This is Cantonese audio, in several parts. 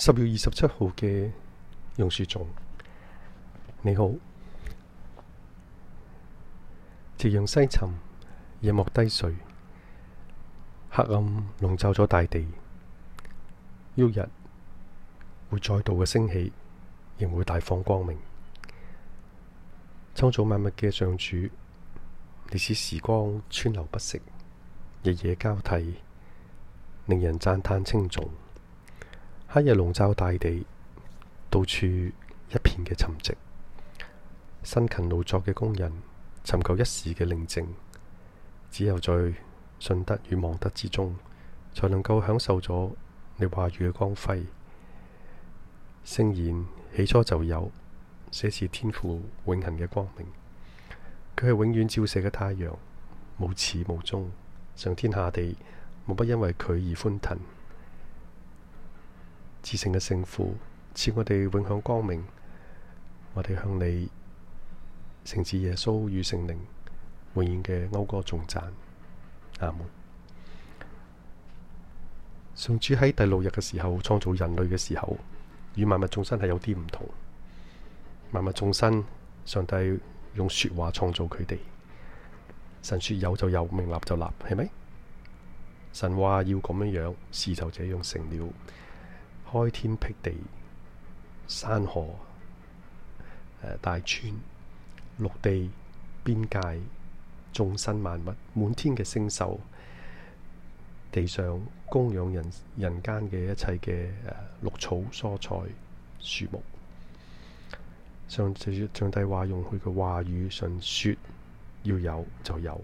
十月二十七號嘅榕樹仲，你好。夕陽西沉，夜幕低垂，黑暗籠罩咗大地。旭日會再度嘅升起，仍會大放光明。創造萬物嘅上主，歷史時光川流不息，日夜，夜交替，令人讚嘆稱頌。黑日籠罩大地，到處一片嘅沉寂。辛勤勞作嘅工人，尋求一時嘅寧靜，只有在信德與望德之中，才能夠享受咗你話語嘅光輝。聖言起初就有，這是天父永恒嘅光明。佢係永遠照射嘅太陽，無始無終，上天下地，無不因為佢而歡騰。自成嘅聖父，似我哋永享光明。我哋向你，聖子耶穌與聖靈，永遠嘅歐歌頌讚阿門、啊嗯。上主喺第六日嘅時候創造人類嘅時候，與萬物眾生係有啲唔同。萬物眾生，上帝用說話創造佢哋。神說有就有，命立就立，係咪？神話要咁樣樣，事就這樣成了。開天闢地，山河、呃、大川、陸地、邊界、眾生萬物、滿天嘅星宿，地上供養人人間嘅一切嘅誒綠草蔬菜、樹木上，上帝話用佢嘅話語上說要有就有，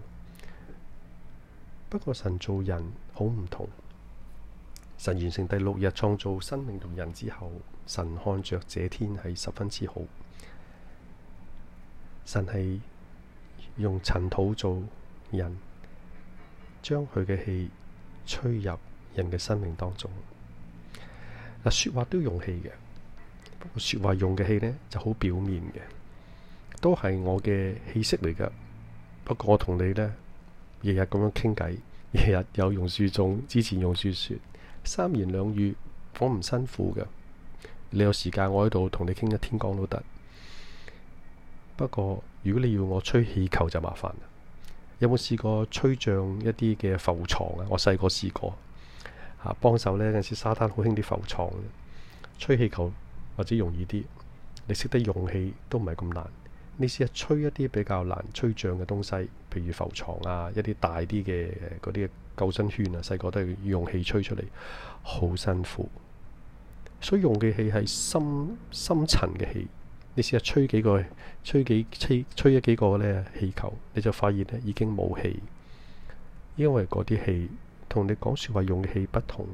不過神做人好唔同。神完成第六日創造生命同人之後，神看着這天係十分之好。神係用塵土做人，將佢嘅氣吹入人嘅生命當中。啊，說話都用氣嘅，不過，說話用嘅氣呢就好表面嘅，都係我嘅氣息嚟噶。不過我同你呢，日日咁樣傾偈，日日有用書中，之前用書說。三言兩語，我唔辛苦嘅。你有時間，我喺度同你傾一天光都得。不過如果你要我吹氣球就麻煩啦。有冇試過吹脹一啲嘅浮床啊？我細個試過，吓幫手呢，有陣時沙灘好興啲浮床。吹氣球或者容易啲，你識得用氣都唔係咁難。你試下吹一啲比較難吹脹嘅東西，譬如浮床啊，一啲大啲嘅嗰啲。救生圈啊，細個都係要用氣吹出嚟，好辛苦。所以用嘅氣係深深層嘅氣。你試下吹幾個，吹幾吹吹咗幾個呢氣球，你就發現呢已經冇氣。因為嗰啲氣同你講說話用嘅氣不同。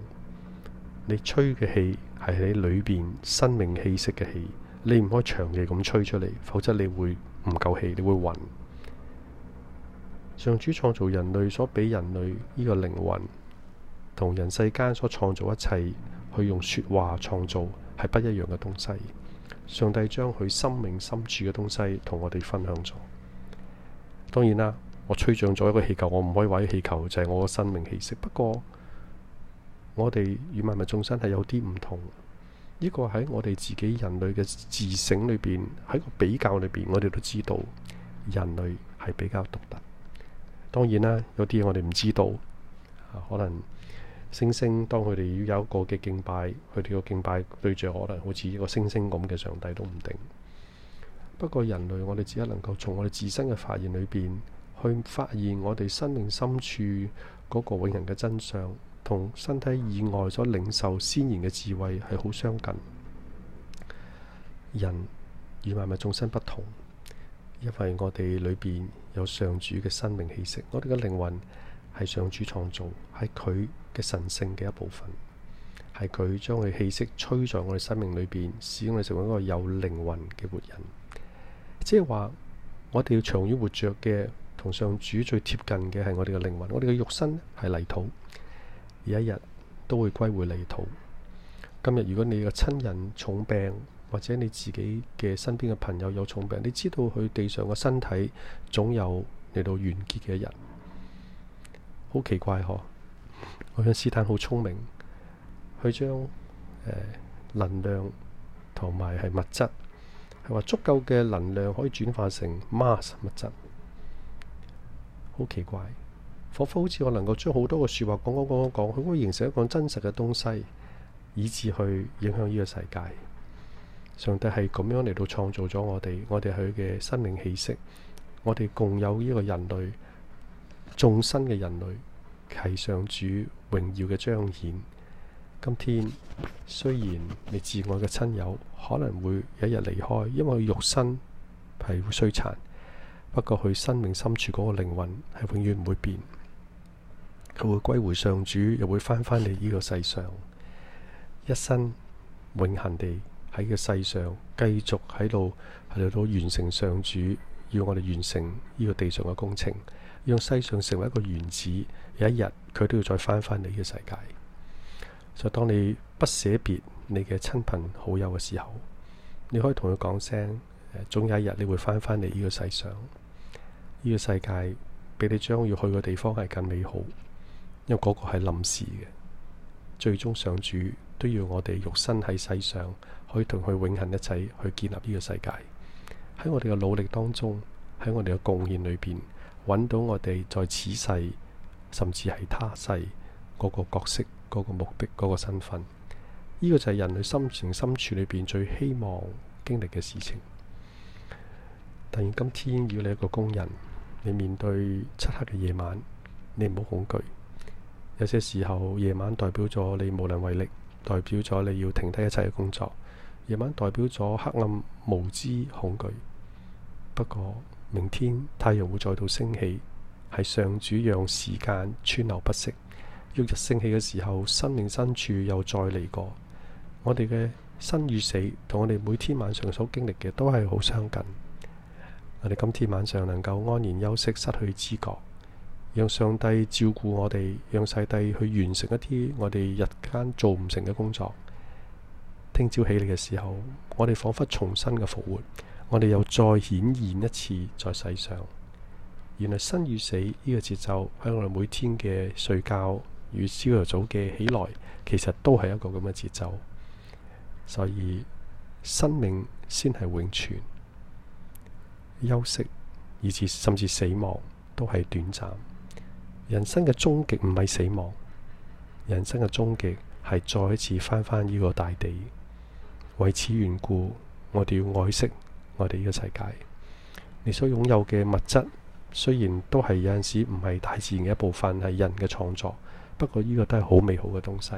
你吹嘅氣係喺裏邊生命氣息嘅氣，你唔可以長期咁吹出嚟，否則你會唔夠氣，你會暈。上主創造人類，所俾人類呢個靈魂，同人世間所創造一切去用說話創造係不一樣嘅東西。上帝將佢生命深處嘅東西同我哋分享咗。當然啦，我吹脹咗一個氣球，我唔可以話氣球就係、是、我嘅生命氣息。不過我哋與萬物眾生係有啲唔同。呢個喺我哋自己人類嘅自省裏邊，喺個比較裏邊，我哋都知道人類係比較獨特。當然啦，有啲嘢我哋唔知道，可能星星當佢哋要有一個嘅敬拜，佢哋個敬拜對象可能好似一個星星咁嘅上帝都唔定。不過人類，我哋只係能夠從我哋自身嘅發現裏邊，去發現我哋生命深處嗰個永恆嘅真相，同身體以外所領受先賢嘅智慧係好相近。人與萬物眾生不同。因為我哋裏邊有上主嘅生命氣息，我哋嘅靈魂係上主創造，係佢嘅神聖嘅一部分，係佢將佢氣息吹在我哋生命裏邊，使我哋成為一個有靈魂嘅活人。即係話，我哋要長遠活着嘅，同上主最貼近嘅係我哋嘅靈魂，我哋嘅肉身係泥土，而一日都會歸回泥土。今日如果你嘅親人重病，或者你自己嘅身邊嘅朋友有重病，你知道佢地上嘅身體總有嚟到完結嘅一日，好奇怪嗬，愛因斯坦好聰明，佢將、呃、能量同埋係物質係話足夠嘅能量可以轉化成 mass 物質，好奇怪！彷彿好似我能夠將好多嘅説話，講講講講講，佢會形成一個真實嘅東西，以至去影響呢個世界。上帝係咁樣嚟到創造咗我哋，我哋佢嘅生命氣息，我哋共有呢個人類眾生嘅人類係上主榮耀嘅彰顯。今天雖然你至愛嘅親友可能會有一日離開，因為肉身係會衰殘，不過佢生命深處嗰個靈魂係永遠唔會變，佢會歸回上主，又會翻返嚟呢個世上，一生永恆地。喺個世上繼續喺度，喺度完成上主要我哋完成呢個地上嘅工程，讓世上成為一個原子。有一日佢都要再翻返嚟呢個世界。就當你不捨別你嘅親朋好友嘅時候，你可以同佢講聲：誒，總有一日你會翻返嚟呢個世上。呢個世界比你將要去嘅地方係更美好，因為嗰個係臨時嘅。最終上主都要我哋肉身喺世上，可以同佢永恒一齊，去建立呢個世界。喺我哋嘅努力當中，喺我哋嘅貢獻裏邊，揾到我哋在此世，甚至係他世嗰個角色、嗰個目的、嗰個身份。呢個就係人類心情深處裏邊最希望經歷嘅事情。但係今天，要你一個工人，你面對漆黑嘅夜晚，你唔好恐懼。有些時候，夜晚代表咗你無能為力，代表咗你要停低一切嘅工作。夜晚代表咗黑暗、無知、恐懼。不過明天太陽會再度升起，係上主讓時間川流不息。旭日升起嘅時候，生命新處又再嚟過。我哋嘅生與死同我哋每天晚上所經歷嘅都係好相近。我哋今天晚上能夠安然休息，失去知覺。讓上帝照顧我哋，讓上帝去完成一啲我哋日間做唔成嘅工作。聽朝起嚟嘅時候，我哋仿佛重新嘅復活，我哋又再顯現一次在世上。原來生與死呢個節奏喺我哋每天嘅睡覺與朝頭早嘅起來，其實都係一個咁嘅節奏。所以生命先係永存，休息，甚至甚至死亡都係短暫。人生嘅終極唔係死亡，人生嘅終極係再一次翻返呢個大地。為此緣故，我哋要愛惜我哋呢個世界。你所擁有嘅物質雖然都係有陣時唔係大自然嘅一部分，係人嘅創作，不過呢個都係好美好嘅東西。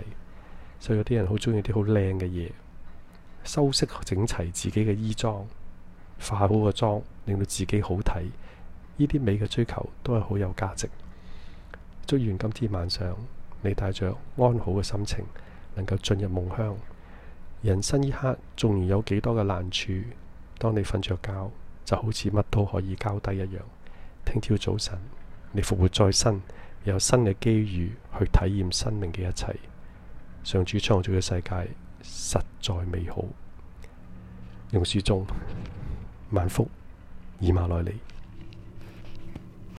所以有啲人好中意啲好靚嘅嘢，修飾好整齊自己嘅衣裝，化好個妝，令到自己好睇。呢啲美嘅追求都係好有價值。祝願今天晚上你帶着安好嘅心情，能夠進入夢鄉。人生一刻縱然有幾多嘅難處，當你瞓着覺，就好似乜都可以交低一樣。聽朝早晨，你復活在生，有新嘅機遇去體驗生命嘅一切。上主創造嘅世界實在美好。用樹中，萬福以馬內利。